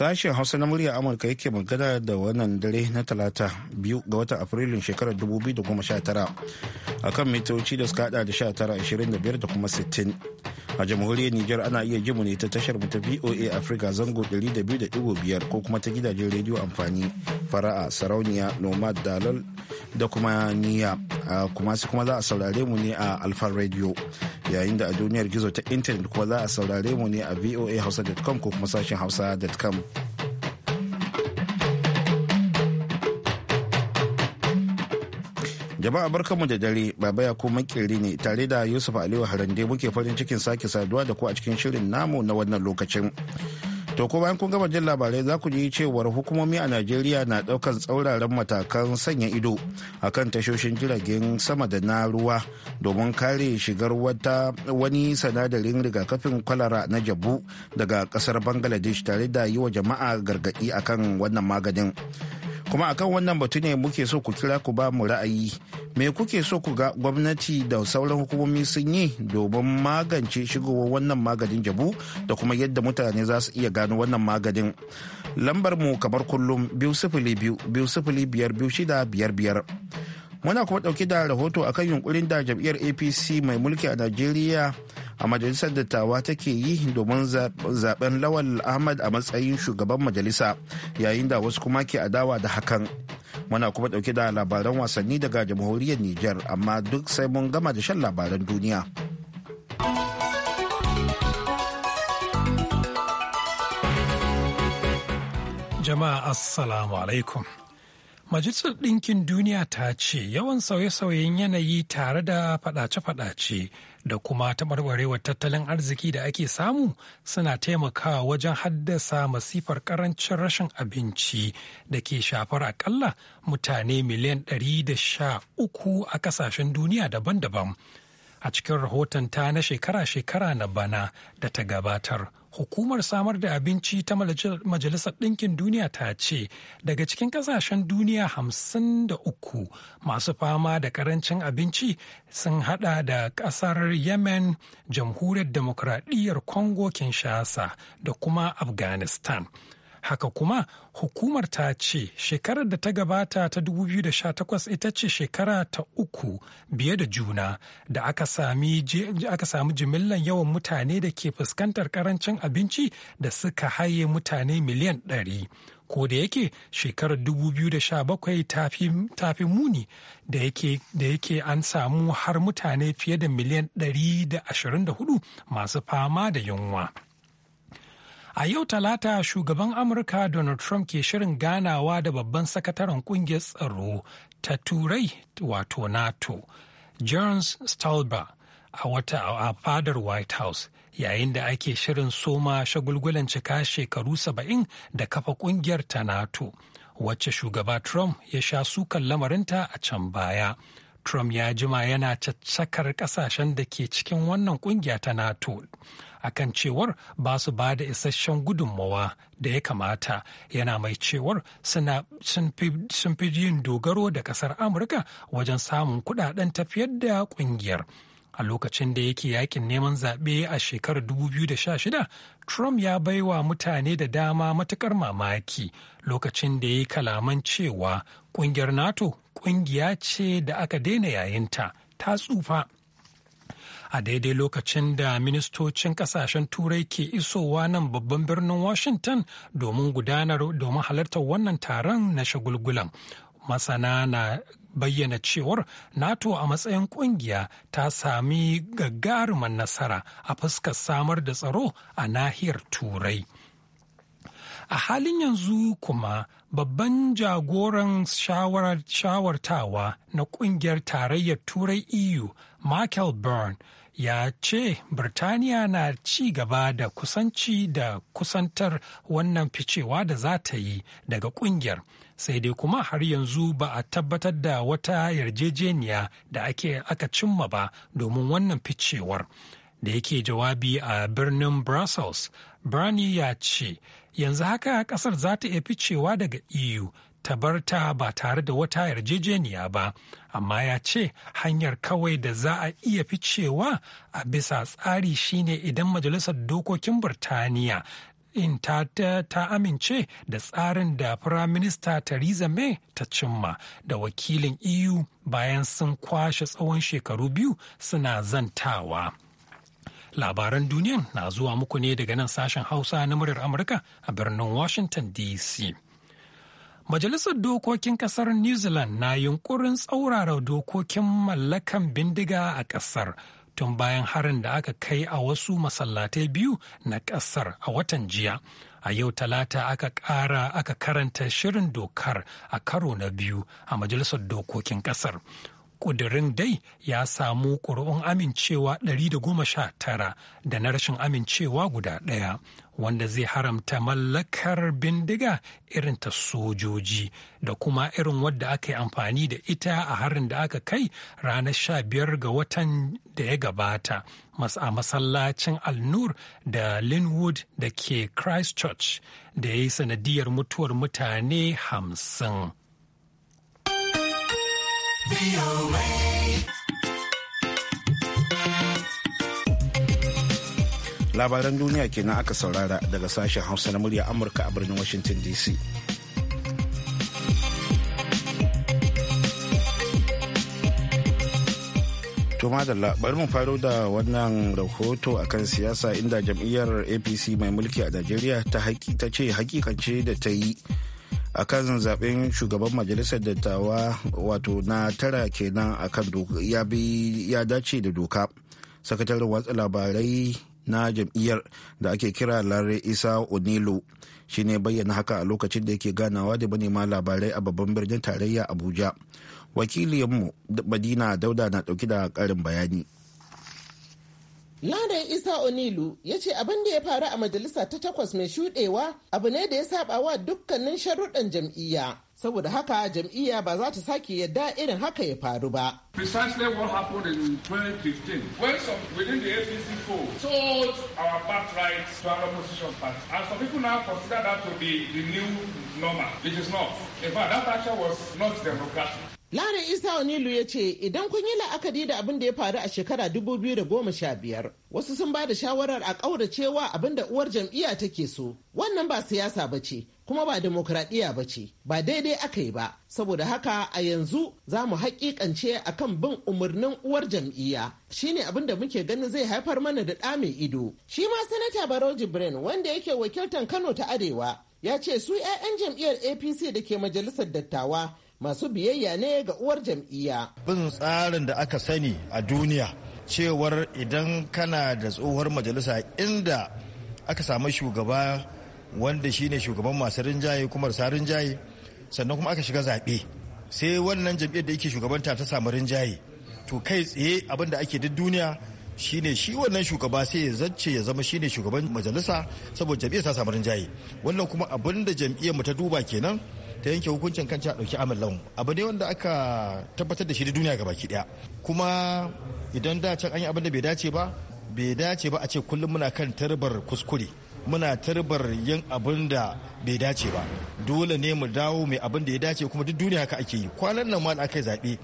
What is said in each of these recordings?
Sashen Hausa na murya Amurka yake magana da wannan dare na talata biyu ga watan Afrilun shekarar 2019 a kan mitoci da suka hada da 1925 da kuma 60 a jamhuriyar niger ana iya jimu ne ta tashar mu ta voa africa zango 200.5 ko kuma ta gidajen rediyo amfani fara'a sarauniya nomad dalal da kuma niya kuma su kuma za a saurare mu ne a alfa radio yayin da a duniyar gizo ta intanet kuma za a saurare mu ne a voa hausa.com ko kuma sashen hausa.com Jama'a mu da dare, Baba ya kuma kiri ne tare da Yusuf Aliyu Harande muke farin cikin sake saduwa da ku a cikin shirin namu na wannan lokacin. To ko bayan kun gama jin labarai za ku ji cewar hukumomi a Najeriya na daukan tsauraran matakan sanya ido akan tashoshin jiragen sama da na ruwa domin kare shigar wata wani sanadarin rigakafin kwalara na jabu daga kasar Bangladesh tare da yi wa jama'a gargadi akan wannan maganin. kuma akan wannan batu ne muke so ku kira ku ba mu ra'ayi me kuke so ku ga gwamnati da sauran hukumomi sun yi domin magance shigowar wannan maganin jabu da kuma yadda mutane za su iya gano wannan maganin lambar mu kamar kullum biyu sifili biyu biyu sifili biyar biyu shida biyar biyar muna kuma dauke da rahoto akan yunkurin da jam'iyyar apc mai mulki a najeriya a majalisar dattawa take yi domin zaben lawal ahmad a matsayin shugaban majalisa yayin da wasu kuma ke adawa da hakan muna kuma dauke da labaran wasanni daga jamhuriyar niger amma duk sai mun gama da shan labaran duniya jama'a assalamu alaikum Majalisar Ɗinkin Duniya ta ce yawan sauye-sauyen yanayi tare da faɗace-faɗace da kuma taɓarɓarewar tattalin arziki da ake samu suna taimakawa wajen haddasa masifar ƙarancin rashin abinci da ke shafar akalla mutane miliyan 113 a ƙasashen duniya daban-daban. A cikin rahoton ta na shekara-shekara na bana da ta gabatar. hukumar samar da abinci ta majalisar ɗinkin duniya ta ce daga cikin ƙasashen duniya hamsin da uku masu fama da ƙarancin abinci sun hada da ƙasar yemen jamhuriyar demokradiyyar congo kinshasa da kuma afghanistan Haka kuma hukumar ta ce shekarar da ta gabata ta 2018 ita ce shekara ta uku biye da juna da aka sami jimillan yawan mutane da ke fuskantar karancin abinci da suka haye mutane miliyan 100. ko da yake shekarar 2017 ta fi muni da yake an samu har mutane fiye da miliyan 124 masu fama da yunwa. A yau Talata shugaban Amurka Donald Trump ke shirin ganawa da babban sakataren kungiyar tsaro ta Turai wato NATO, Jones Stolberg a wata a fadar White House yayin da ake shirin soma shagulgulan cika shekaru saba'in da kafa kungiyar ta NATO, wacce shugaba Trump ya sha sukan lamarinta a can baya. Trump ya jima yana caccakar kasashen da ke cikin wannan kungiya ta NATO. akan cewar ba su ba da isasshen gudunmawa da ya kamata yana mai cewar sun fi yin dogaro da kasar amurka wajen samun kudaden tafiyar da kungiyar a lokacin da yake yakin neman zaɓe a shekarar 2016 trump ya baiwa mutane da dama matukar mamaki lokacin da ya kalaman cewa ƙungiyar nato ƙungiya ce da aka daina yayinta ta tsufa a daidai lokacin da ministocin kasashen turai ke isowa nan babban birnin washington domin gudanar domin halartar wannan taron na shagulgulan masana na bayyana cewar nato a matsayin kungiya ta sami gagaruman nasara a fuskar samar da tsaro a nahiyar turai a halin yanzu kuma babban jagoran shawartawa na kungiyar tarayyar turai eu michael byrne ya ce Birtaniya na ci gaba da kusanci da kusantar wannan ficewa da za ta yi daga kungiyar sai dai kuma har yanzu ba a tabbatar da wata yarjejeniya da ake aka cimma ba domin wannan ficewar da yake jawabi a birnin brussels brani ya ce yanzu haka kasar za ta iya ficewa daga eu ta bar ba tare da wata yarjejeniya ba amma ya ce hanyar kawai da za a iya ficewa a bisa tsari shine idan majalisar dokokin Birtaniya. in ta, ta, amince da tsarin da firaminista theresa may ta cimma da wakilin eu bayan sun kwashe tsawon shekaru biyu suna zantawa labaran duniyan na zuwa muku ne daga nan sashen hausa na muryar amurka a birnin washington dc Majalisar Dokokin Kasar New Zealand na yunkurin tsaurara dokokin mallakan bindiga a kasar tun bayan harin da aka kai a wasu masallatai biyu na kasar a watan jiya. A yau talata aka ƙara aka karanta shirin dokar a karo na biyu a Majalisar Dokokin Kasar. kudirin dai ya samu ƙuri'un amincewa 119 da na rashin amincewa guda ɗaya wanda zai haramta mallakar bindiga irin ta sojoji da kuma irin wadda aka yi amfani da ita a harin da aka kai ranar sha biyar ga watan da ya gabata a masallacin Alnur da linwood da ke christchurch da ya yi sanadiyar mutuwar mutane hamsin. labaran duniya kenan aka saurara daga sashen hausa na murya amurka a birnin washington dc to madalla bari mu faro da wannan rahoto akan siyasa inda jam'iyyar apc mai mulki a najeriya ta ce hakikance da ta yi a kan zaben shugaban majalisar dattawa wato na tara kenan akan ya dace da doka sakataren watsa labarai na jam'iyyar da ake kira lare isa onilo shi ne bayyana haka a lokacin da yake ganawa da manema labarai a babban birnin tarayya abuja wakilinmu madina dauda na dauki da karin bayani Lare Isa Onilu ya ce abin da ya faru a majalisa ta takwas mai shudewa abu ne da ya saba wa dukkanin sharuɗan jam'iyya. saboda haka jam'iyya ba za ta sake yadda irin haka ya faru ba. Precisely what happened in 2015 when some within the APC fold sold our birthright to our opposition party and some people now consider that to be the new normal. is not. In fact, that action was not democratic. Lare Isa Onilu ya ce idan kun yi la'akari da abin da ya faru a shekara 2015 wasu sun ba da shawarar a wa abin da uwar jam'iyya take so wannan ba siyasa ba ce kuma ba demokradiyya ba ce ba daidai aka yi ba saboda haka a yanzu za mu haƙiƙance a kan bin umarnin uwar jam'iyya Shi ne abin da muke ganin zai haifar mana da ɗa mai ido shi ma sanata barau jibrin wanda yake wakiltar kano ta arewa ya ce su 'ya'yan jam'iyyar apc da ke majalisar dattawa masu biyayya ne ga uwar jam'iyya. Bin tsarin da aka sani a duniya cewar idan kana da tsohuwar majalisa inda aka samu shugaba wanda shine shugaban masu rinjaye kuma da rinjaye sannan kuma aka shiga zaɓe sai wannan jam'iyyar da yake shugabanta ta samu rinjaye to kai tsaye abin da ake duk duniya shine shi wannan shugaba sai ya zance ya zama shine shugaban majalisa saboda jam'iyyar ta samu rinjaye wannan kuma abin da jam'iyyar mu ta duba kenan ta yanke hukuncin kan a ɗauki amin lawan abu ne wanda aka tabbatar da shi da duniya gabaki daya kuma idan da can an yi abin da bai dace ba bai dace ba a ce kullum muna kan tarbar kuskure muna tarbar yin abin da bai dace ba dole ne mu dawo mai abin da ya dace kuma duk duniya haka ake yi kwanan nan ma da aka yi zaɓe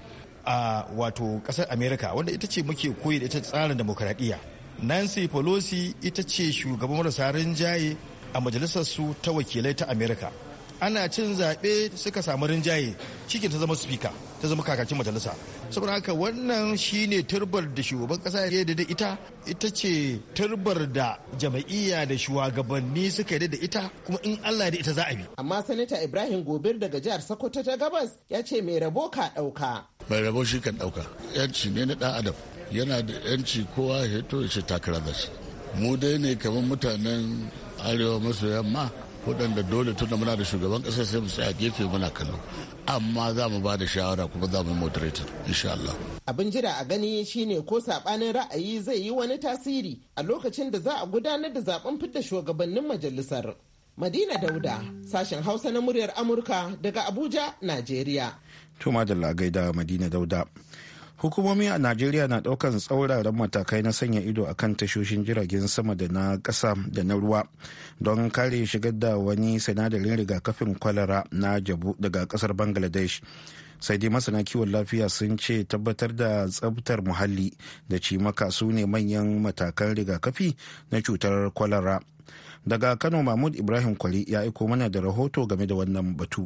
a wato ƙasar america wanda ita ce muke koyi da ita tsarin demokuraɗiyya nancy pelosi ita ce shugaban marasa rinjaye a majalisar su ta wakilai ta america ana cin zaɓe suka samu rinjaye cikin ta zama spika ta zama kakakin majalisa saboda haka wannan shine turbar da shugaban kasa ya da ita ita ce turbar da jama'iyya da shugabanni suka yi da ita kuma in Allah da ita za a bi amma sanata Ibrahim Gobir daga jihar Sokoto ta Gabas ya ce mai rabo ka dauka mai rabo shi kan dauka yanci ne na ɗan adam yana da yanci kowa ya to ya takara da shi mu dai ne kamar mutanen arewa maso yamma waɗanda dole tun muna da shugaban ƙasa sai mu tsaya gefe muna kallo amma za mu ba da shawara kuma za mu moderator insha Allah. Abin jira a gani shine ko saɓanin ra'ayi zai yi wani tasiri a lokacin da za a gudanar da zaben fitar shugabannin majalisar. Madina Dauda, sashen Hausa na muryar Amurka daga Abuja, Najeriya. to madalla gaida Madina Dauda. hukumomi a najeriya na daukan tsauraran matakai na sanya ido a kan tashoshin jiragen sama da na ƙasa da na ruwa don kare shigar da wani sinadarin rigakafin kwalara na jabu daga ƙasar bangladesh sai dai masana kiwon lafiya sun ce tabbatar da tsabtar muhalli da cimaka su ne manyan matakan rigakafi na cutar kwalara daga kano mahmud ibrahim kwali ya aiko mana da rahoto game da wannan batu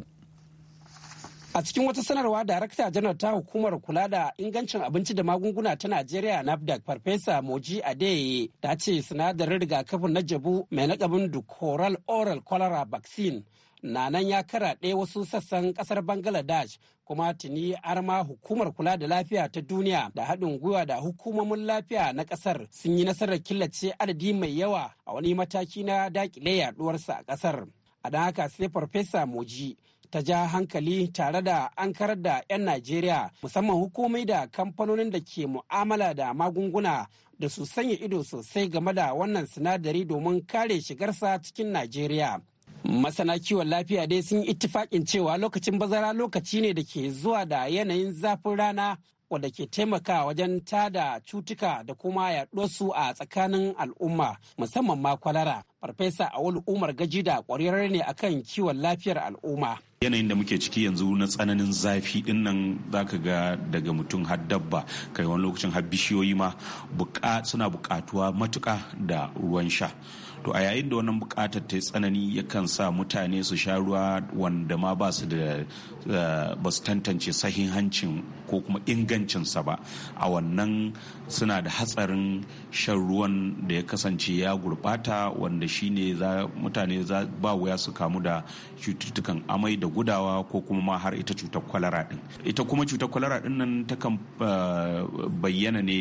A cikin wata sanarwa darakta janar ta hukumar kula da ingancin abinci da magunguna ta Najeriya NAFDAC Farfesa Moji Adeye ta ce sinadarin rigakafin na jabu mai lakabin Dukoral Oral Cholera Vaccine na nan ya karaɗe wasu sassan ƙasar Bangladesh kuma tuni arma hukumar kula da lafiya ta duniya da haɗin gwiwa da hukumomin lafiya na ƙasar sun yi nasarar killace adadi mai yawa a wani mataki na daƙile yaɗuwarsa a ƙasar. A don haka sai Farfesa Moji ta ja hankali tare da an karar da 'yan Najeriya musamman hukumi da kamfanonin da ke mu'amala da magunguna da su sanya ido sosai game da wannan sinadari domin kare shigarsa cikin Najeriya. Masana kiwon lafiya dai sun ittifakin cewa lokacin bazara lokaci ne da ke zuwa da yanayin zafin rana wadda ke taimaka wajen tada cutuka da kuma su a tsakanin al'umma musamman ma kwalara. Farfesa wani Umar gaji da ƙwararre ne akan kiwon lafiyar al'umma. yanayin da muke ciki yanzu na tsananin zafi din nan zaka ga daga mutum har dabba kai wani lokacin har bishiyoyi ma suna bukatuwa matuka da ruwan sha to a yayin da wannan bukatar ta yi tsanani yakan sa mutane su sha ruwa wanda ma ba su da eh, ba su tantance hancin ko kuma ingancinsa ba a wannan suna da hatsarin shan ruwan da ya kasance ya gurbata wanda shine mutane za ba wuya su kamu da cututtukan amai da gudawa ko kuma ma har ita cutar kwalara din ita kuma cutar kwalara din nan kan eh, bayyana ne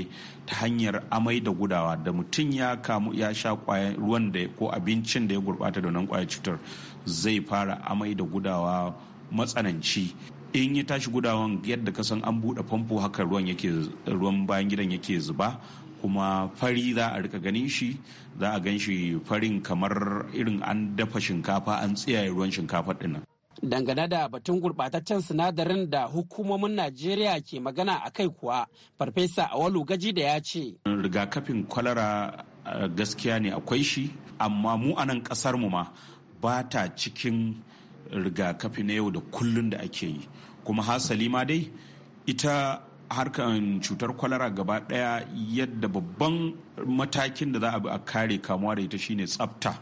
ta hanyar amai da gudawa da mutum ya kamu ya sha ruwan da ko abincin da ya gurɓata da nan kwaya cutar zai fara amai da gudawa matsananci in ya tashi gudawan yadda ka san an buɗe famfo haka ruwan yake ruwan bayan gidan yake zuba kuma fari za a rika ganin shi za a gan shi farin kamar irin an dafa shinkafa an tsiyaye ruwan shinkafa dinnan dangane da batun gurɓataccen sinadarin da hukumomin najeriya ke magana a kai kuwa farfesa awalu gaji da ya ce rigakafin kwalara Eh, gaskiya ne akwai shi amma mu a nan kasar mu ma ba ta cikin rigakafi na yau da kullun da ake yi kuma hasali ma dai ita harkan cutar kwalara gaba daya yadda babban matakin da za a bi a kare kamuwa da ita shine tsafta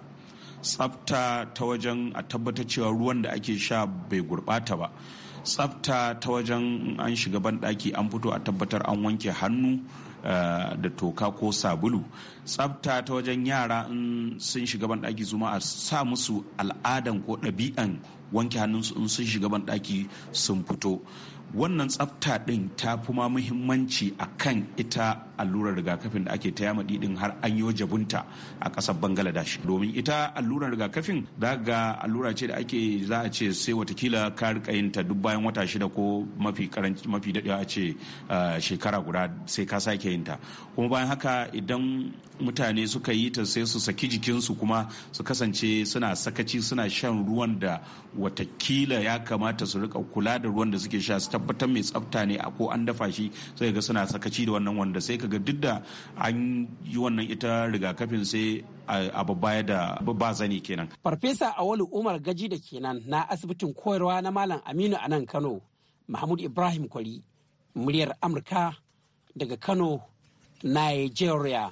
tsafta ta wajen a tabbatar cewa ruwan da ake sha bai gurbata ba tsafta ta wajen an shiga banɗaki an fito a tabbatar an wanke hannu Eh, da toka ko sabulu tsafta ta wajen yara in sun shiga banɗaki zuma a sa musu al'adan ko ɗabi'an wanke hannunsu in sun shiga banɗaki sun fito wannan tsafta ɗin ta fi ma muhimmanci a kan ita allurar rigakafin da ake ta yama didin har an yi jabunta a kasar bangladesh domin ita allurar rigakafin za ga allura ce da ake za a ce sai watakila ka rika yin ta duk bayan wata shida ko mafi karanci mafi dadewa a ce shekara guda sai ka sake yin ta kuma bayan haka idan mutane suka yi ta sai su saki jikinsu kuma su kasance suna sakaci suna shan ruwan da watakila ya kamata su rika kula da ruwan da suke sha su tabbatar mai tsafta ne a ko an dafa shi sai ga suna sakaci da wannan wanda sai ka ga duk da an yi wannan ita rigakafin sai a babbaya da ba zani kenan. Farfesa Awalu Umar Gaji da kenan na asibitin koyarwa na Malam Aminu a nan Kano, Mahmud Ibrahim Kwari, muryar Amurka daga Kano, Nigeria.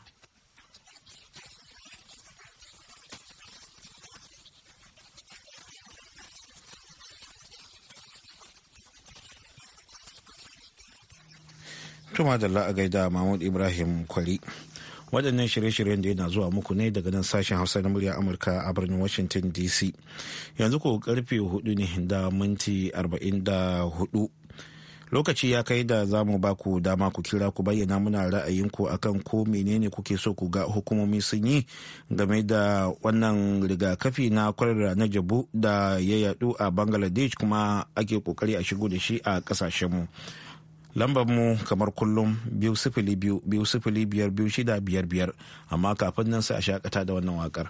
Tuma da la'a gaida Mahmud Ibrahim Kwari. waɗannan shirye-shiryen da yana zuwa muku ne daga nan sashen hausa na murya amurka a birnin washington dc yanzu ko karfe hudu ne da minti 44 lokaci ya kai da za mu ba ku dama ku kira ku bayyana muna ra'ayinku akan ko menene kuke so ku ga hukumomi sun yi game da wannan rigakafi na kwarara na jabu da ya yadu a bangladesh kuma ake kokari a shigo da shi a kasashenmu lambar mu kamar kullum biyu sifili biyu biyu sifili biyar biyu shida biyar biyar amma kafin nan sai a shakata da wannan wakar.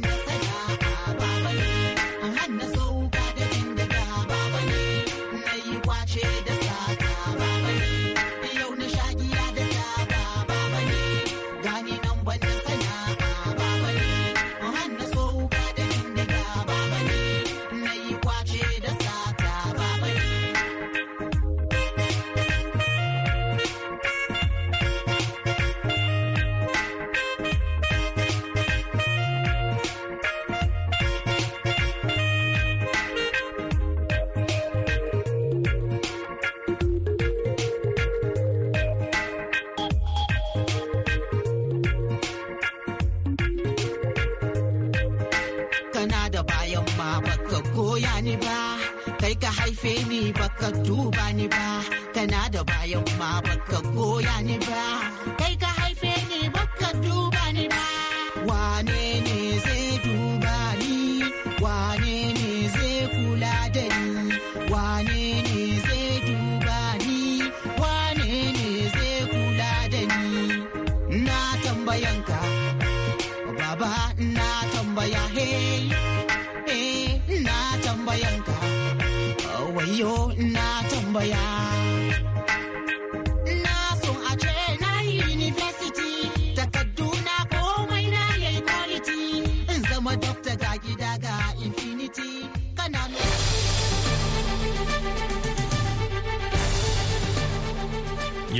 compañía.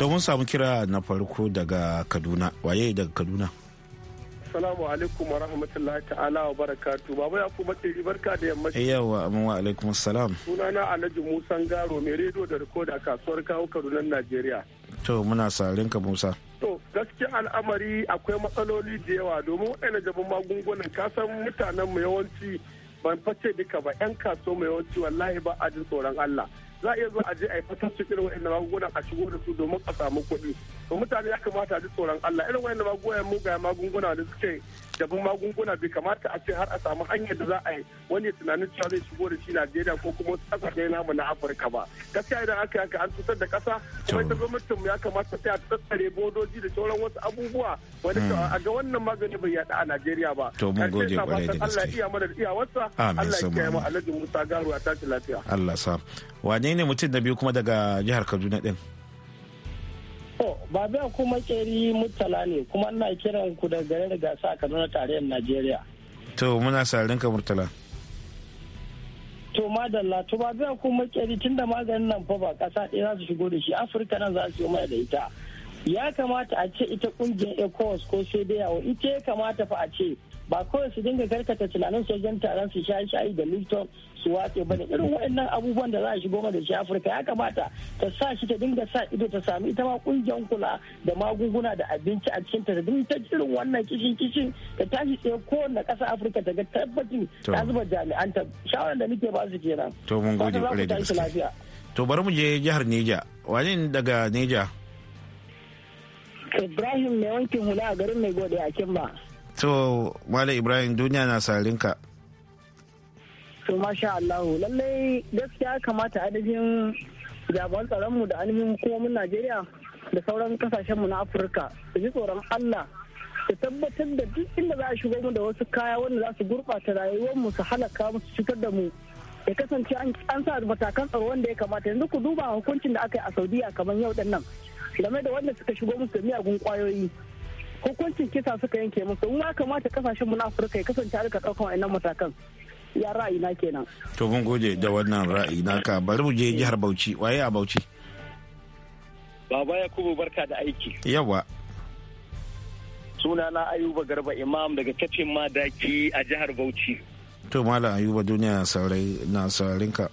to mun samu kira na farko daga kaduna waye daga kaduna Salamu alaikum wa rahmatullahi ta'ala wa barakatu. Baba ya kuma tsiri barka da yammaci. Eh, yawa amin wa alaikum salam. Sunana Alhaji Musa Garo mai rediyo da rikoda kasuwar kawo Kaduna Najeriya. To muna sarin ka Musa. To gaskiya al'amari akwai matsaloli da yawa domin waɗanda jaban magungunan kasan mutanen mu yawanci ban face duka ba 'yan kasuwa mu yawanci wallahi ba a jin tsoron Allah. za a iya zuwa aje a yi fatar cikin irin wa'annan magungunan a shigo da su domin a samu kuɗi to mutane ya kamata a ji tsoron Allah irin wa'annan magungunan mugaye magunguna da suke da magunguna bai kamata a ce har a samu hanyar da za a yi wani tunanin cewa zai shigo da shi Najeriya ko kuma wasu kasashe namu na Afirka ba gaskiya idan aka yanka an tusar da kasa kuma ita gwamnatin ya kamata ta tattare bodoji da sauran wasu abubuwa wani hmm. a ga wannan magani bai yaɗa a Najeriya ba to mun gode kwarai da gaske Allah iya mana da iyawarsa Allah ya kiyaye mu Alhaji Musa Garu a tashi lafiya Allah sa wane ne mutum na biyu kuma daga jihar Kaduna ɗin. To, Babiya kuma keri murtala ne kuma ina kiran ku da gari gasa a Kaduna tarayyar Najeriya. To, muna sarin ka murtala. To, madalla, to Babiya kuma keri tun da maganin nan fa ba kasa ɗaya za su shigo da shi, Afirka nan za su yi mai da ita. Ya kamata a ce ita kungiyar ECOWAS ko sai dai yawo, ita ya kamata fa a ce ba kawai su dinga karkata tunanin sojan taron su shayi shayi da lifton su watse ba da irin waɗannan abubuwan da za a shigo da shi afirka ya kamata ta sa shi ta dinga sa ido ta sami ita ma kungiyar kula da magunguna da abinci a cikin ta dinga ta irin wannan kishin kishin ta tashi tsaye kowanne ƙasa afirka ta ga tabbacin ta zuba jami'an ta shawarar da muke ba su kenan. to mun gode kwarai da gaske to bari mu je jihar neja wani daga neja. ibrahim mai wankin hula a garin mai gode a kimba. to malam ibrahim duniya na sarinka to masha allahu lallai gaskiya kamata adadin tsaron tsaronmu da ainihin hukumomin najeriya da sauran kasashenmu na afirka da ji tsoron allah ta tabbatar da duk inda za a shigo mu da wasu kaya wanda za su gurɓata rayuwarmu su halaka mu su cutar da mu ya kasance an sa matakan tsaro wanda ya kamata yanzu ku duba hukuncin da aka yi a saudiya kamar yau din nan game da wanda suka shigo musu da miyagun kwayoyi hukuncin kisa suka yanke musu in ma kamata kasashen mu na afirka ya kasance a rika ɗaukan wa'annan matakan ya ra'ayi na kenan to mun gode da wannan ra'ayi naka bari mu je jihar bauchi waye a bauchi baba yakubu barka da aiki yawa suna na ayuba garba imam daga kafin madaki a jihar bauchi to malam ayuba duniya saurayi na saurarin ka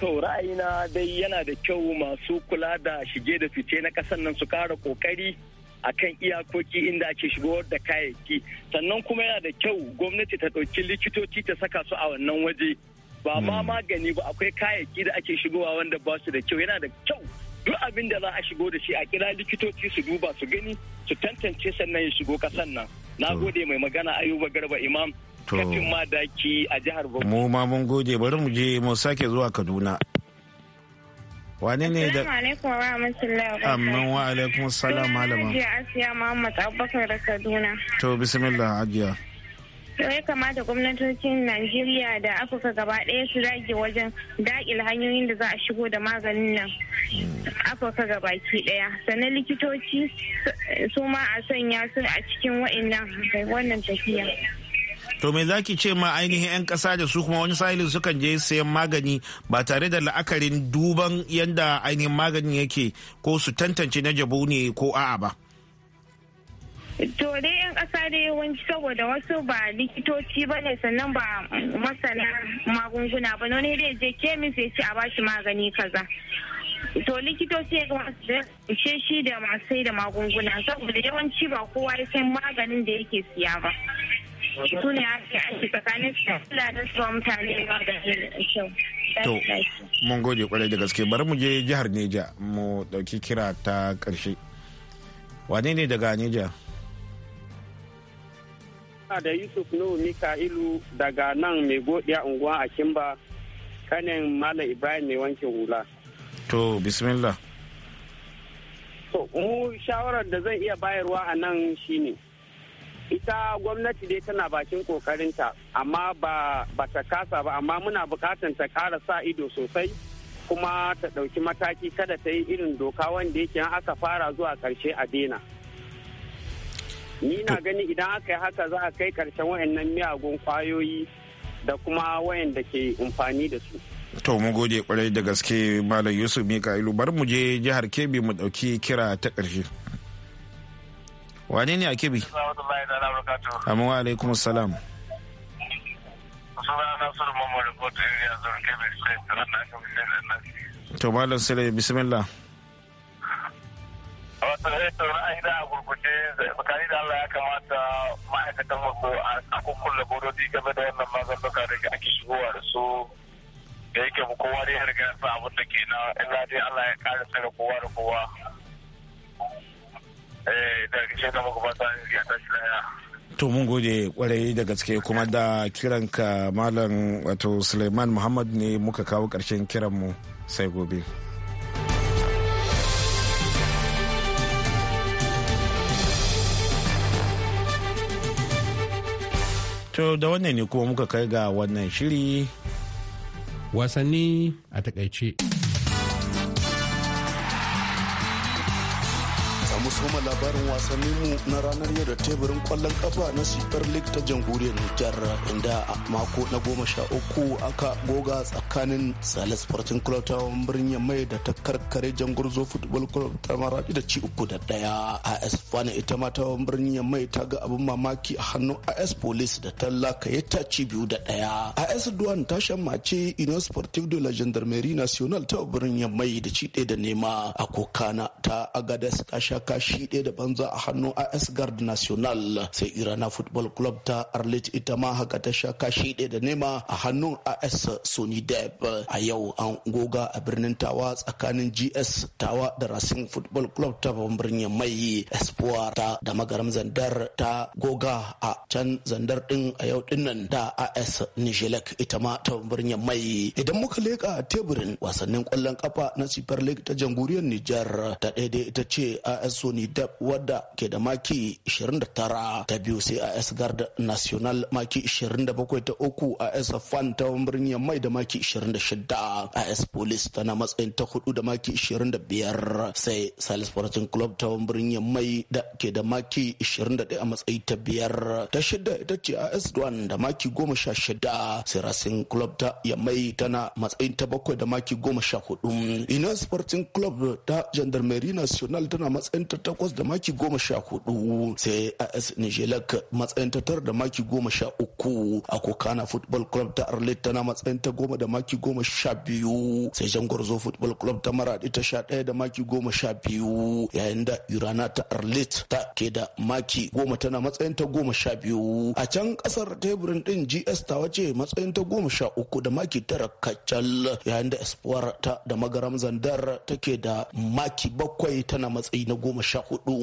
to ra'ayina dai yana da kyau masu kula da shige da fice na kasan nan su kara kokari a kan iyakoki inda ake shigowar da kayayyaki sannan kuma yana da kyau gwamnati ta ɗauki likitoci ta saka su a wannan waje ba ma hmm. magani ba akwai kayayyaki da ake shigowa wanda ba su da kyau yana da kyau duk abin da za a shigo da shi a kira likitoci su duba su gani su tantance sannan ya shigo kasan nan na gode mai magana ayuba garba imam kafin ma daki a jihar bauchi mu ma mun gode bari mu je mu sake zuwa kaduna wane ne da wa amin wa alaikum salam malama kaduna to bismillah ajiya ya kamata gwamnatocin najeriya da afirka gaba daya su rage wajen daƙil hanyoyin da za a shigo da maganin nan afirka ki daya sannan likitoci su ma a sanya su a cikin wannan tafiya to me zaki ce ma ainihin 'yan kasa da su kuma wani sahilin sukan je sayan magani ba tare da la'akarin duban yadda ainihin magani yake ko su tantance na jabu ne ko a'a ba to dai 'yan kasa da yawanci saboda wasu ba likitoci ba ne sannan ba masana magunguna ba ne dai je kemis ya ce a bashi magani kaza to likitoci ya gamshe shi da masu sai da magunguna saboda yawanci ba kowa ya san maganin da yake siya ba su ne ake aiki tsakanin su da su mutane ba da To, mun gode kwarai da gaske bari mu je jihar Neja mu dauki kira ta karshe. Wane ne daga Neja? Ina da Yusuf Nuhu Mika'ilu daga nan mai godiya unguwa a Kimba kanin Malam Ibrahim mai wanke hula. To, bismillah. To, mu shawarar da zan iya bayarwa a nan shine. ita gwamnati dai tana bakin kokarinta amma ba ba ta kasa ba amma muna bukatan ta kara sa ido sosai kuma ta ɗauki mataki kada ta yi irin doka wanda yake aka fara zuwa ƙarshe a dena ni na gani idan aka yi haka za a kai ƙarshen wayannan miyagun kwayoyi da kuma wayanda ke amfani da su to mu gode kwarai da gaske malam yusuf ilu bar mu je jihar kebbi mu ɗauki kira ta ƙarshe wane ne a amin wa alaikum salam to malam sule bismillah wata zai tsoron a da a gurguje tsakani da Allah ya kamata ma'aikatan wasu a kukkun bododi game da wannan mazanduka da ake shigowa da su da yake kowa da ya riga yasa abin da ke na ina dai Allah ya kare tsare kowa da kowa Eh, to mun gode kwarai da gaske kuma da kiranka Malam wato Suleiman Muhammad ne muka kawo ƙarshen mu sai gobe. To da wannan ne kuma muka kai ga wannan shiri. Wasanni a takaice. kuma labarin wasannin mu na ranar yau da teburin kwallon kafa na super league ta jamhuriyar nijar inda a mako na goma sha uku aka goga tsakanin salis sporting club ta birnin mai da ta karkare jangurzo football club ta maradi da ci uku da daya a fana ita ma ta birnin mai ta ga abin mamaki a hannun as police da ta lakaye ta ci biyu da daya as duwan ta mace ino sportive de la gendarmerie nationale ta birnin mai da ci ɗaya da nema a kokana ta agadas sha kashi ci ɗaya da banza a hannun AS Guard National sai Irana Football Club ta Arlit ita ma haka ta sha kashi ɗaya da nema a hannun AS Sony Deb a yau an goga a birnin Tawa tsakanin GS Tawa da Racing Football Club ta birnin Mai Espoir ta da magaram Zandar ta goga a can Zandar din a yau dinnan da AS Nijilek ita ma ta birnin Mai idan muka leka teburin wasannin kwallon kafa na Super League ta jamhuriyar Nijar ta daidai ita ce AS Sony Johnny Depp wadda ke da maki 29 ta biyu sai AS Garda National maki 27 ta uku AS Fan ta birnin Yammai da maki 26 AS Police tana matsayin ta hudu da maki 25 sai Salis Sporting Club ta birnin Yammai da ke da maki 21 a matsayi ta biyar ta shida ita ce AS Duan da maki 16 sai Racing Club ta Yammai tana matsayin ta bakwai da maki 14 Ina Sporting Club ta Gendarmerie National tana matsayin ta takwas da maki goma sha hudu sai AS Nijelak matsayin ta tara da maki goma sha uku a Kokana Football Club ta Arlet tana matsayin ta goma da maki goma sha biyu sai Jangorzo Football Club ta Maradi ta sha ɗaya da maki goma sha biyu yayin da Urana ta Arlet ta ke da maki goma tana matsayin ta goma sha biyu a can kasar teburin din GS ta wace matsayin ta goma sha uku da maki tara kacal yayin da Espoir ta da Magaram Zandar take da maki bakwai tana matsayi na goma sha sha hudu.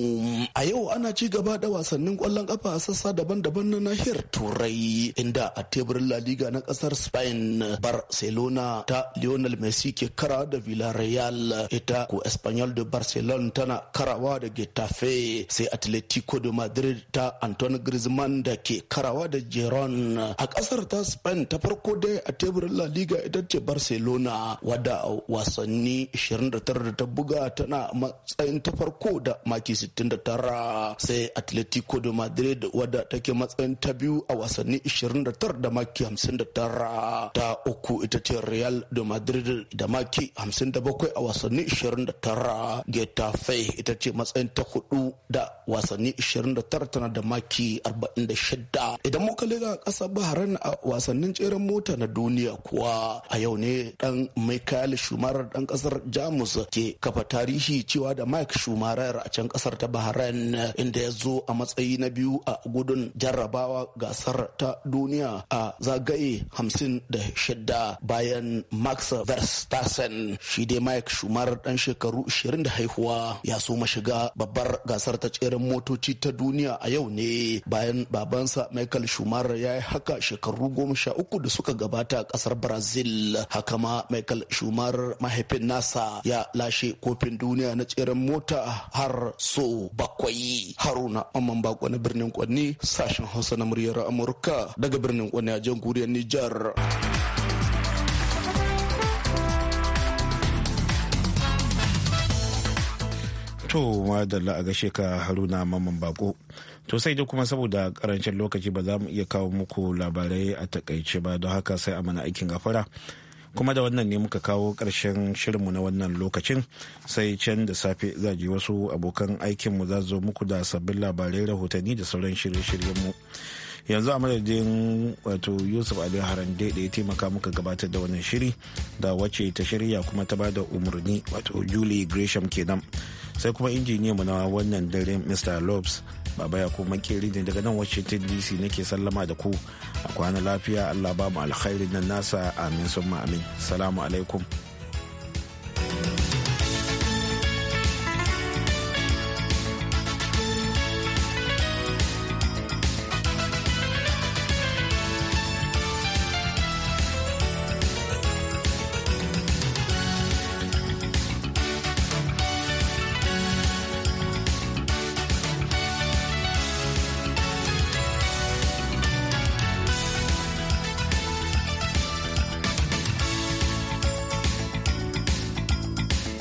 A yau ana ci gaba da wasannin kwallon kafa a sassa daban-daban na nahiyar Turai inda a teburin La Liga na kasar Spain Barcelona ta Lionel Messi ke kara da Villarreal ita ko Espanyol de Barcelona tana karawa da Getafe sai Atletico de Madrid ta Antoine Griezmann da ke karawa da Giron a kasar ta Spain ta farko dai a teburin La Liga ita ce Barcelona wadda wasanni 29 da ta buga tana matsayin ta farko da maki 69 sai atletico de madrid wadda take matsayin ta biyu a wasanni 29 da maki 59 ta uku ita ce real de madrid da maki 57 a wasanni 29 getafe ita ce matsayin ta hudu da wasanni 29 tana da maki 46 idan muka a kasa baharan a wasannin tseren mota na duniya kuwa a yau ne dan michael schumacher dan kasar jamus ke kafa tarihi cewa da mike schumacher a can kasar ta bahrain inda ya zo a matsayi na biyu a gudun jarrabawa gasar ta duniya a zagaye hamsin da shida bayan max verstappen shi dai mike shumar dan shekaru 20 da haihuwa ya so shiga babbar gasar ta tseren motoci ta duniya a yau ne bayan babansa michael shumar ya yi haka shekaru goma sha uku da suka gabata a kasar brazil haka ma michael shumar mahaifin nasa ya lashe kofin duniya na tseren mota har so bakwai haruna amman bako na birnin kwanni sashen hausa na muryar amurka daga birnin kwanni a jamhuriyar nijar to da a gashe ka haruna mamman bako to sai dai kuma saboda karancin lokaci ba za mu iya kawo muku labarai a takaice ba don haka sai a mana aikin gafara kuma da wannan ne muka kawo ƙarshen shirinmu na wannan lokacin sai can da safe za wasu abokan aikinmu za zo muku da sabbin labarai rahotanni da sauran shirye-shiryenmu yanzu a madadin wato yusuf ali haran da ya taimaka muka gabatar da wannan shiri da wacce ta shirya kuma ta bada umarni wato julie gresham kenan sai kuma injiniyanmu na wannan dare mr lobs baba ya kuma makeri ne daga nan washington dc nake sallama da ku a kwana lafiya allah ba mu alkhairi nan nasa amin summa amin salamu alaikum